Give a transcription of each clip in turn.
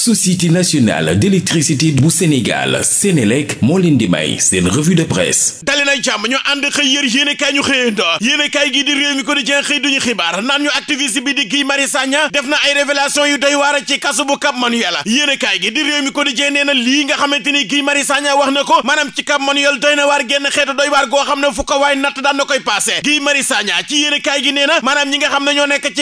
société nationale d'électricité bu Sénégal Sénélec moo leen di may seen revue de presse dali jàmm ñu ànd xëy yër yéen ñu xëyando yéen gi di réew mi ko xëy duñu xibaar naan ñu activiste bi di Guy Marius Sagna def na ay révélation yu doy waar ci kasu bu Cap Manuel yéen gi di réew mi ko di lii nga xamante ni Guy Marius wax na ko maanaam ci Cap Manuel doy na waar génn xeetu doy goo xam ne fu ko waay natt daan na koy passé Guy Marius Sagna i kaay maanaam ñi nga xam ne nekk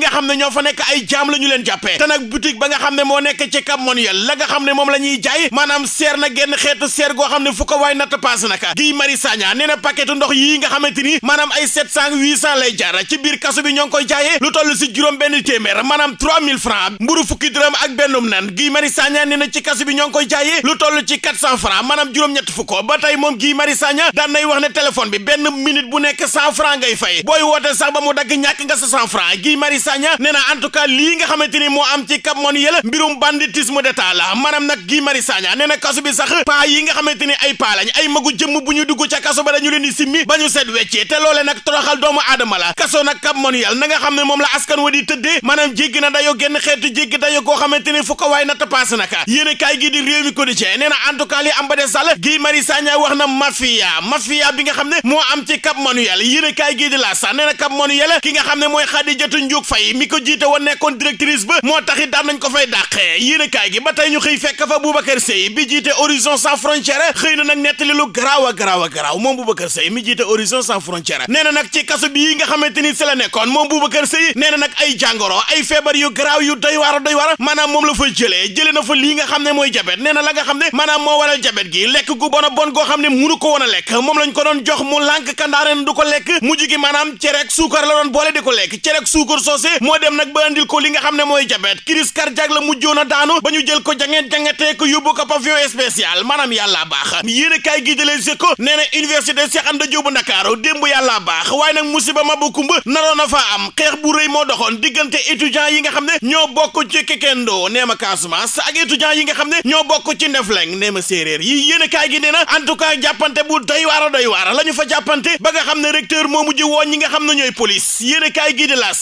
nga xam ne ñoo fa nekk ay jaam la ñu leen jàppee te nag boutique ba nga xam ne moo nekk ci Cap Manuel la nga xam ne moom la ñuy jaay maanaam seer na genn xeetu seer goo xam ne fu ko waay natt paas naka Guy Marius Sagna nee na paquetu ndox yii nga xamante ni maanaam ay 700 800 lay jar ci biir kaso bi ñoo ngi koy jaayee lu toll si juróom benn téeméer maanaam 3000 francs mburu fukki dërëm ak bennum nan Guy na ci kaso bi ñoo ngi koy jaayee lu toll ci 400 francs maanaam juróom-ñett fukk ba tey moom Guy Marius Sagna daan nay wax ne téléphone bi benn minute bu nekk 100 francs ngay fay booy woote sax ba mu dagg ñàkk nga sa 100 francs Guy Marius Sagna nee na en tout cas lii nga xamante ni moo am ci Cap Manuel mbirum banditisme la maanaam nag Guy Marius Sagna nee na kaso bi sax yi nga xamante ni ay paa lañ ay magu jëmm ñu dugg ca kaso ba dañu leen di simmi ba ñu seet weccee te loole nag doomu aadama la kaso nag Cap Manuel nga xam ne moom la askan wa di tëddee maanaam jéggi na dayoo genn xeetu jéggi dayoo koo xamante ni fu waay natt paas naka yéen kaay nee na en tout cas li am ba des sall Guy Marius Sagna wax na mafia mafia bi nga xam ne moo am ci Cap Manuel yéen kaay gi di la sax nee na Cap Manuel ki nga xam ne mooy Khadijatu Njuug Fay ko jiite woon nekkoon directrice ba moo taxit daan nañ ko fay dàqee yéenekaay gi ba tey ñu xëy fekk fa Boubacar Seye bi jiite orison sans frontière xëy na nag nettali lu garaaw a garaaw a garaaw moom Boubacar Seye mi jiite orison sans frontière nee na nag ci kaso bii nga xamante ni si la nekkoon moom Boubacar Seye nee na nag ay jàngoro ay feebar yu garaaw yu doy war a doy waar maanaam moom la fa jële jëlee na fa lii nga xam ne mooy jabet nee na la nga xam n maanaam moo waral jabet gi lekk gu bon a bon xam ne munu ko woon a lekk moom lañ ko doon jox mu lànk kandaareen du ko lekk mujj gi maanaam cerek suukar la doon boole di ko lekk cerek suukar soosé moo dem nag ba andil ko li nga xam ne mooy jabet crise cardiaque la mujjoon a daanu ba ñu jël ko jangeet jangetee ko yóbbu ko pavillon spécial maanaam yàlla baax yéen a kaay gi de Les Échos nee na université Cheikh Anta Diop bu démb yàlla baax waaye nag musiba ma bu kumba naroon na faa am xeex bu rëy moo doxoon diggante étudiants yi nga xam ne ñoo bokk ci kekendoo nee ma Casamance ak étudiants yi nga xam ne ñoo bokk ci Ndefleng nee ma séeréer yi yéen a kaay na en tout cas jàppante bu doy waar a doy waar la ñu fa jàppante ba nga xam ne recteur moo mujj woon ñi nga xam ne ñooy police yéen a gi la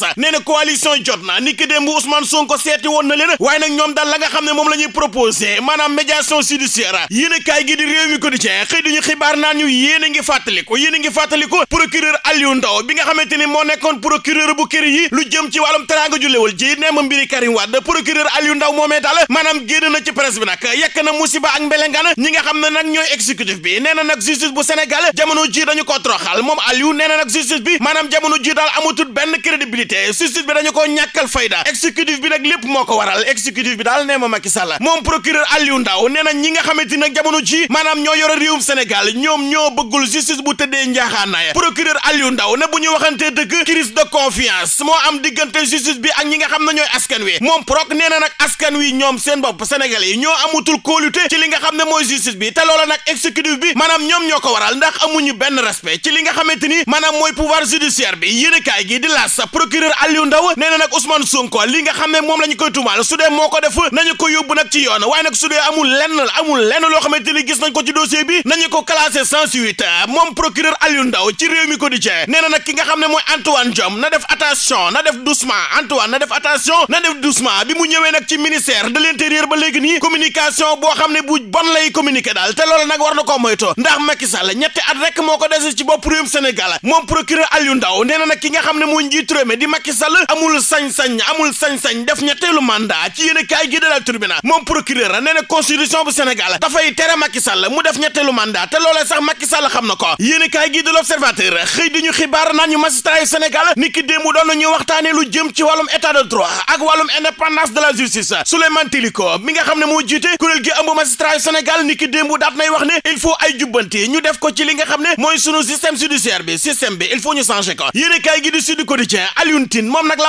élection yi jot na ni ki démb Ousmane Sonko seeti woon na leen waaye nag ñoom daal la nga xam ne moom la proposé maanaam médiation judiciaire yéen a kaay gi di réew mi quotidien xëy duñu xibaar naan ñu yéen ngi fàttaliku yéen a ngi fàttaliku procureur Aliou Ndao bi nga xamante ni moo nekkoon procureur bu kër yi lu jëm ci wàllum teraanga ju lewul ji neema mbiri Karim Wade procureur Aliou Ndao moomee daal maanaam génn na ci presse bi nag yekk na musiba ak koo ñàkkal fayda exécutif bi nag lépp moo ko waral exécutif bi daal nee ma Macky Sall moom procureur Aliou Ndao nee na ñi nga xamante nag jamono ji maanaam ñoo yore réewum Sénégal ñoom ñoo bëggul justice bu tëddee njaaxaanaaya procureur Aliou ndaw ne bu ñu waxantee dëgg crise de confiance moo am diggante justice bi ak ñi nga xam ne ñooy askan wi moom proc nee na nag askan wi ñoom seen bopp Sénégal yi ñoo amutul kóolute ci li nga xam ne mooy justice bi te loola nag exécutif bi maanaam ñoom ñoo ko waral ndax amuñu benn respect ci li nga xamante ni maanaam mooy pouvoir judiciaire bi yéenekaay gi di laas procureur Aliou Ndao nee na nag Ousmane Sonko li nga xam ne moom la ñu koy tumaal su dee moo ko def nañu ko yóbbu nag ci yoon waaye nag su dee amul lenn amul lenn loo xamante ni gis nañ ko ci dossier bi nañu ko classé sans suite moom procureur Aliou Ndao ci réew mi ko di cee nee na nag ki nga xam ne mooy Antoine Diome na def attention na def doucement Antoine na def attention na def doucement bi mu ñëwee nag ci ministère de l'intérieur ba léegi nii communication boo xam ne bu bon lay communiquer daal te loolu nag war na ko moytu ndax Macky Sall ñetti at rek moo ko dese ci bopp réewum Sénégal moom procureur Aliou Ndao nee na nag ki nga xam ne mooy njiitu réew mi di Macky Sall amul amul sañ-sañ amul sañ-sañ def ñetteelu mandat ci yéen a kaay gi la tribunal moom procureur a nee bu Sénégal dafay tere Macky mu def ñetteelu mandat te loolee sax Macky xam na ko yéen a kaay gi de l'observateur ñu xibaar naan ñu magistrat yu ni ki démb doon nañu waxtaane lu jëm ci wàllum état de droit ak wàllum indépendance de la justice Souleymane Teliko mi nga xam ne moo jiite kuréel gi ëmb magistrat yu ni ki démb daat nay wax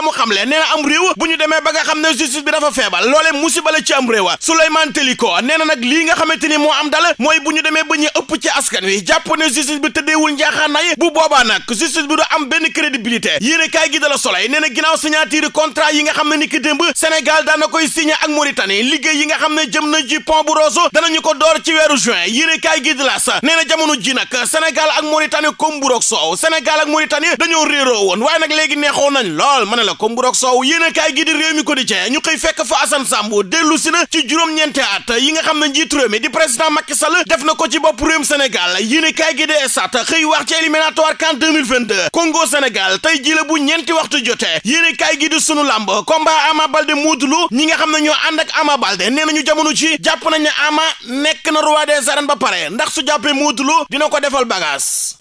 mu xam le nee na am bu ñu demee ba nga xam ne justice bi dafa feebal loole musiba la ci am réewa Souleymane Teliko nee na nag lii nga xamante ni moo am dal mooy bu ñu demee ba ñu ëpp ci askan wi jàpp ne justice bi na njaaxaanaay bu boobaa nag justice bi du am benn crédibilité yéen kaay gi da la Soleil nee na ginnaaw signature contrat yi nga xam ne ni ki démb Sénégal daana koy signé ak Mauritanie liggéey yi nga xam ne jëm na ci pont bu Rosso danañu ko door ci juin yéen kaay gi da la jamono ji nag Sénégal ak Mauritanie comme bu roog soow Sénégal ak Mauritanie dañoo réeroo woon waaye nag léegi neexoon nañ lool ma ne la ko mburok soow yéen a kaay gi di réew mi quotidien ñu koy fekk fa Assane Samb dellu si na ci juróom-ñeenti at yi nga xam ne njiit réew di président Macky Sall def na ko ci bopp réewum Sénégal yéen a kaay gi di esat xëy wax ci éliminatoire CAN 2022 Congo Sénégal tey ji la bu ñeenti waxtu jote yéen a kaay gi di sunu làmb combat Ama Baldé Modou Lô ñi nga xam na ñoo ànd ak Ama Baldé nee ñu jamono ci jàpp nañ ne Ama nekk na roi des arènes ba pare ndax su jàppee Modou Lô dina ko defal bagage